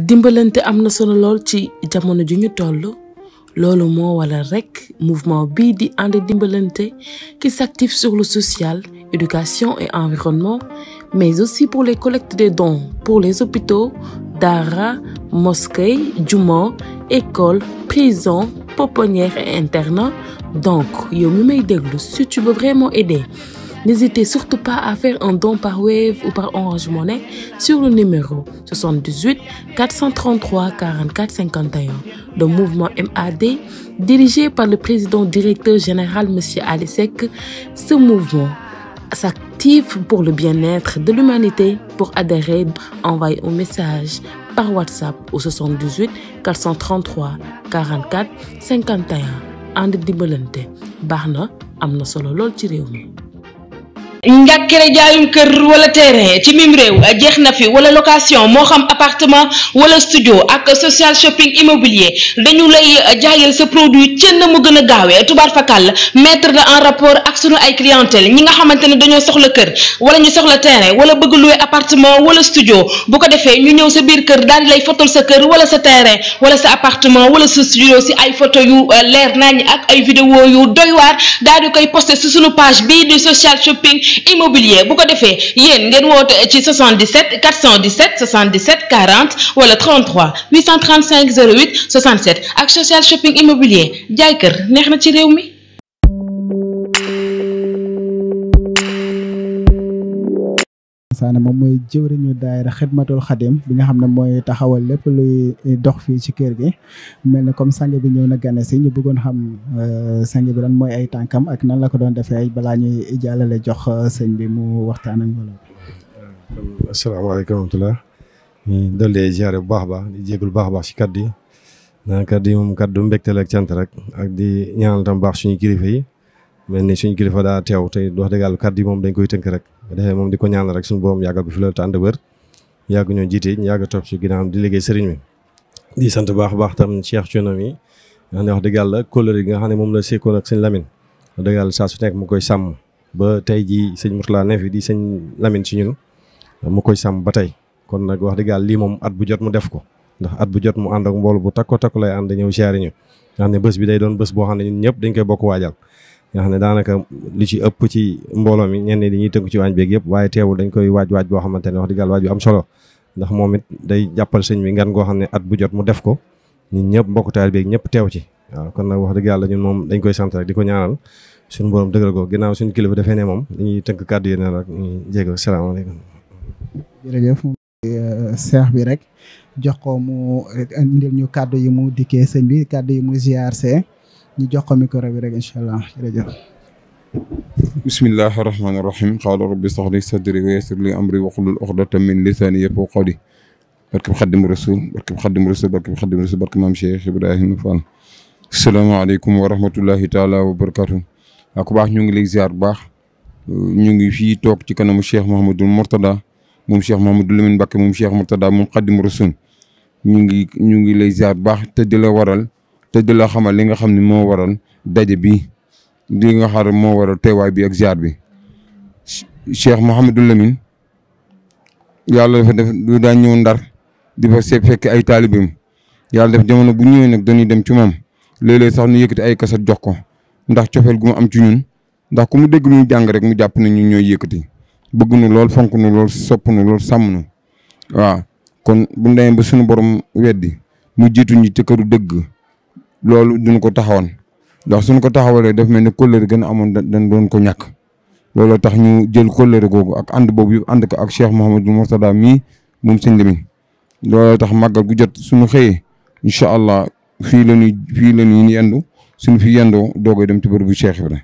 dimbalante am na solo lool ci jamono ju ñu mouvement bii di ànd qui s'active sur le social éducation et environnement mais aussi pour les collectes des dons pour les hôpitaux d'Aras, mosquée, juma école prison pouponnière et internat donc yow mi may déglu si tu veux vraiment aider N'hésitez surtout pas à faire un don par Wave ou par Orange monnaie sur le numéro 78 433 44 51 le mouvement MAD dirigé par le président directeur général M. Alisek. Ce mouvement s'active pour le bien-être de l'humanité. Pour adhérer, envoyez un message par WhatsApp au 78 433 44 51 Ande njàkkere jaayum kër wala terrain ci mim réew jeex fi wala location mo xam appartement wala studio ak social shopping immobilier dañu lay jaayel sa produit cenn mu gëna gaawé gaawee tubaar fakal mettre la en rapport ak sunu ay clientèle ñi nga xamante ne dañoo soxla kër wala ñu soxla terrain wala bëgg louer appartement wala studio bu ko défé ñu ñëw sa biir kër daal lay fotol sa kër wala sa terrain wala sa appartement wala sa studio ci ay photo yu euh, leer nañ ak ay vidéo yu doy waar daal di koy posté si page bi de social shopping immobilier beaucoup de faits, Yen, 77 417 77 40 wala 33 835 08 67 ak social shopping immobilier jaay kër neex Sané moom mooy jëwriñu daayira xidmatul xadim bi nga xam ne mooy taxawal lépp luy dox fii ci kër gi mel na comme sang bi ñëw nag gane si ñu bëggoon xam euh, sang bi lan mooy ay tànkam ak nan la ko doon defee balaa ñuy jàllale jox euh, sëñ bi mu waxtaan ak mbooloo euh, asalaamaaleykum wa rahmatulah ñu dolli ziare bu baax a baax di jégalu baax baax ci kaddu yi kaddu yi moom kaddu mbégte la ak cant rek ak di ñaanal tam baax suñu kilifa yi mel ni suñu kilifa daa teew te wax dëgg yàlla kaddi mom dañ koy teunk rek defee mom di ñaan rek suñu borom yàggal bi fi la tande wër yàgg ñoo jité ñu top ci ginaam di liggéey sëriñ mi di sant baax baax tam Cheikh Thiono mi nga wax dëgg yàlla kóllëre yi nga xam mom la séko nak sëñ Lamine wax dëgg sa su nek mu koy sam ba tay ji sëñ murtala ne di sëñ Lamine ci ñun mu koy sam ba tay kon nak wax dëgg yàlla li mom at bu jot mu def ko ndax at bu jot mu and ak mbol bu takko takko lay and ñew siyaare ñu nga xam ne bés bi day doon bëss bo xam ñun ñëpp dañ koy bokk waajal nga xamne ne daanaka li ci ëpp ci mbooloo mi ñenn ñi ñuy tënk ci waañ beeg yëpp waye teewul dañ koy waj waj bo xamantene wax dëgg yàlla bu am solo ndax momit day jappal señ bi ngan go xamne at bu jot mu def ko ñin ñëpp mbokk taal beeg ñëpp teew ci waaw kon nag wax dëgg yàlla ñun mom dañ koy sant rek di ñaanal suñu borom dëggal go ginaaw suñu kilifa defé né mom dañuy tënk kaddu yi ne ñi ñu jégal salaamaaleykum jërëjëf cheikh bi rek jox ko mu indil ñu kaddu yi mu diké señ bi kaddu yi mu ziar ñu jox ko micro bi rek incha allah jërëjëf bismillahi rahmaani rahim qaala rabbi shrah li sadri wa yassir li amri wahlul uqdatan min lisaani yafqahu qawli barkeb xadim rasul barkeb xadim rasul barkeb xadim rasul barkeb maam Cheikh Ibrahima Fall asalaamaaleykum wa rahmatullahi taala wa barakaatu waa ku baax ñu ngi lay ziar bu baax ñu ngi fii toog ci kanamu Cheikh Mouhamadul Mourtada moom Cheikh Mouhamadul Lamine Mbacké moom Cheikh Mourtada moom xadim rasul ñu ngi ñu ngi lay ziar bu baax te di la waral te di la xamal li nga xam ne moo waral daje bi li nga xam moo waral teewaay bi ak ziar bi Cheikh Mouhamadou Lamine yàlla dafa def du daa ñëw ndar di fa seet fekk ay taalibam yàlla def jamono bu ñëwee nag dañuy dem ci moom léeg-léeg sax nu yëkkati ay kaset jox ko ndax cofeel gu mu am ci ñun ndax ku mu dégg mu jàng rek mu jàpp ne ñun ñooy yëkkati bëgg na lool fonk nu lool sopp nu lool sàmm nu waaw kon bu ndeyam ba suñu borom weddi mu jiitu ñi ci këru dëgg loolu duñ ko taxawoon ndax suñ ko taxawalee daf mel ni kóllëre gën a amoon dan doon ko ñàkk looloo tax ñu jël kóllëre googu ak ànd boobu yëpp ànd ko ak Cheikh Mouhamadou Mourtada mii moom sëñ Lamine looloo tax màggal gu jot suñu xëyee incha allah fii la ñuy fii la ñuy yendu suñu fi yendoo doogay dem ci bërëb bu Cheikh Ibra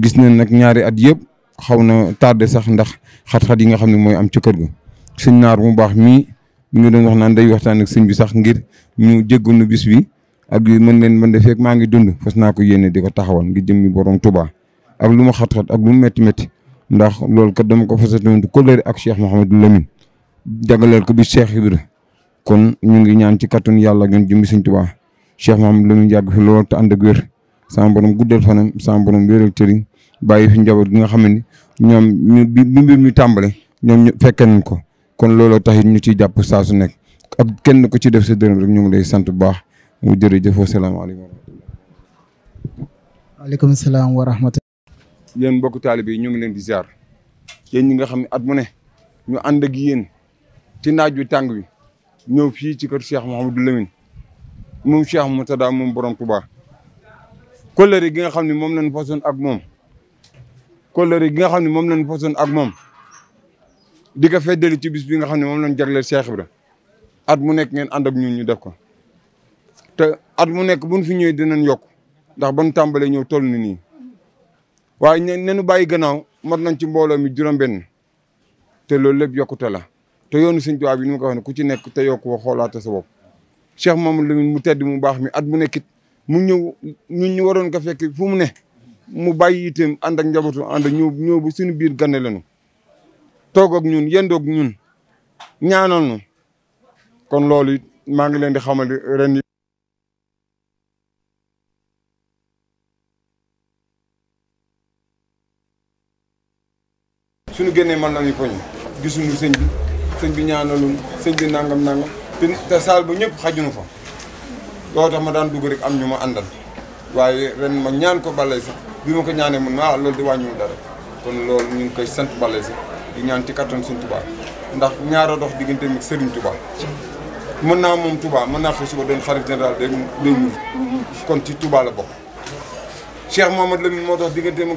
gis nañ nag ñaari at yëpp xaw na tardé sax ndax xat-xat yi nga xam ne mooy am ci kër ga sëñ naar mu baax mii ñu doon wax naan day waxtaan ak sëñ bi sax ngir ñu jéggal nu bis bi ak yooyu mën leen mën de fekk maa ngi dund fas naa ko yéene di ko taxawal ngir jëmmi borom Touba ak lu ma xat-xat ak lu mu metti métti ndax loolu kat dama ko fasatoon di kóllëre ak Cheikh Mouhamadou Lamine jagaleel ko bi Cheikh Ibra kon ñu ngi ñaan ci kattun yàlla ngeen jëmmi Sëñ Touba Cheikh Mouhamadou Lamine yàgg fi lool te ànd ak wér sama borom guddal fanam sama borom wéral tëri bàyyi fi njaboot gi nga xam ne ñoom ñu bi mbir tàmbale ñoom ñu fekke nañ ko kon looloo tax it ñu ciy jàpp saa su nekk kenn ko ci def sa dërëm rek ñu ngi lay sant bu baax mu jërëjëf wa salaam wa rahmatulah. mbokku taalibe yi ñu ngi leen di jaar yéen ñi nga xam ne at mu ne ñu ànd ak yéen ci naaj wi tàng wi ñëw fii ci kër Cheikh Mouhamadou Lamine moom Cheikh Moutada moom borom Touba. kóllëre gi nga xam ne moom lañ fasoon ak moom kóllëre gi nga xam ne moom lañ fasoon ak moom di ko feddali ci bis bi nga xam ne moom lañ jagleel Cheikh Ibra at mu nekk ngeen ànd ñu ñu def ko. te at mu nekk buñ fi ñëwee dinañ yokk ndax ban tàmbalee ñëw tol ni nii waaye ne nu bàyyi ganaaw mat nañ ci mbooloo mi juróom-benn te loolu lépp yokkute la te yoonu Sëñ Tuubaa bi ni ma ko wax ku ci nekk te yokk wa xoolaate sa bopp Cheikh Mamadou Lamine mu tedd mu baax mi at mu nekkit mu ñëw ñun ñu waroon ko fekk fu mu ne mu bàyyi itam ànd ak njabootu ànd ak ñëw ñëw bu suñu biir gane leenu toog ak ñun yendoog ñun ñaanal ñu kon loolu it maa ngi leen di xamal ren ñu man la ñuy poñe gisuñu sëñ bi sëñ bi ñaanalul sëñ bi nangam nangam te te saal bu ñëpp xajunu fa loolu tax ma daan dugg rek am ñu ma àndal waaye ren ma ñaan ko balay sax bi ma ko ñaanee mun ma ah, loolu di wàññiwul dara kon loolu ñu ngi koy sant balay sax di ñaan ci kattan suñ Tuubaa ndax ñaara dox diggante mi sëriñ Tuubaa mën naa moom Touba mën naa xëy suba doon xarit général day day mujj kon ci Touba la bokk Cheikh Mohamad Lamine moo tax diggante mu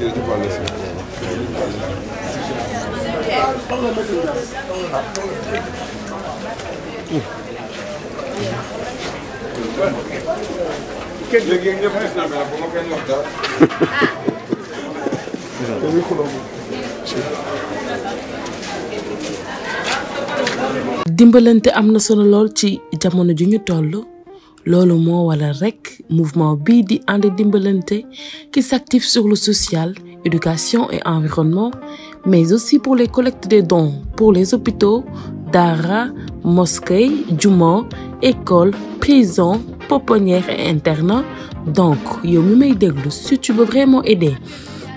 jërëjëf dimbalante am na solo lool ci jamono ju ñu tollu loolu moo wala rek mouvement bii di qui s'active sur le social éducation et environnement mais aussi pour les collectes de dons pour les hôpitaux dara mosquées, jumeaux, écoles, prisons, pouponnière et internats. donc yow mi may si tu veux vraiment aider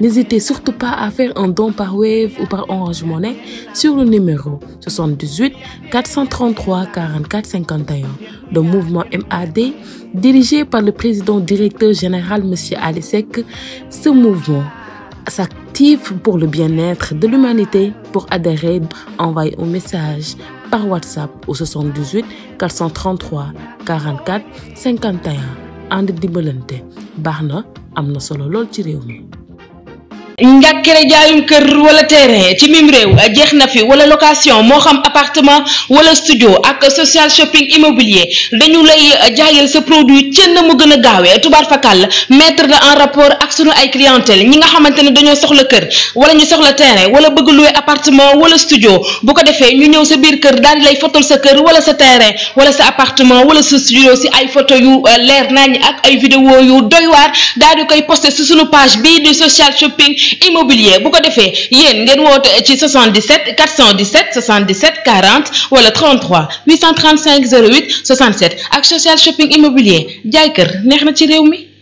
N'hésitez surtout pas à faire un don par Wave ou par Orange monnaie sur le numéro 78 433 44 51 Le mouvement MAD dirigé par le président directeur général M. Alisek. Ce mouvement s'active pour le bien-être de l'humanité. Pour adhérer, envoyez un message par WhatsApp au 78 433 44 51 And Dibolente, Barna, solo njàkkere jaayum keur wala terrain ci mim réew jeex fi wala location mo xam appartement wala studio ak social shopping immobilier dañu lay jaayel sa produit cën mu gëna gaawé gaawee tubaar fakal mettre la en rapport ak sunu ay clientèle ñi nga xamante ne dañoo soxla keur wala ñu soxla terrain wala bëgg louer appartement wala studio bu ko défé ñu ñëw sa biir keur daal lay fotol sa keur wala sa terrain wala sa appartement wala sa studio ci ay photo yu euh, leer nañ ak ay vidéo yu doy waar daal di koy posté sur page bi de social shopping immobilier beaucoup de faits, Yen, ngeen 77 417 77 40 wala 33 835 08 67 ak social shopping immobilier Diaker, n'est-ce pas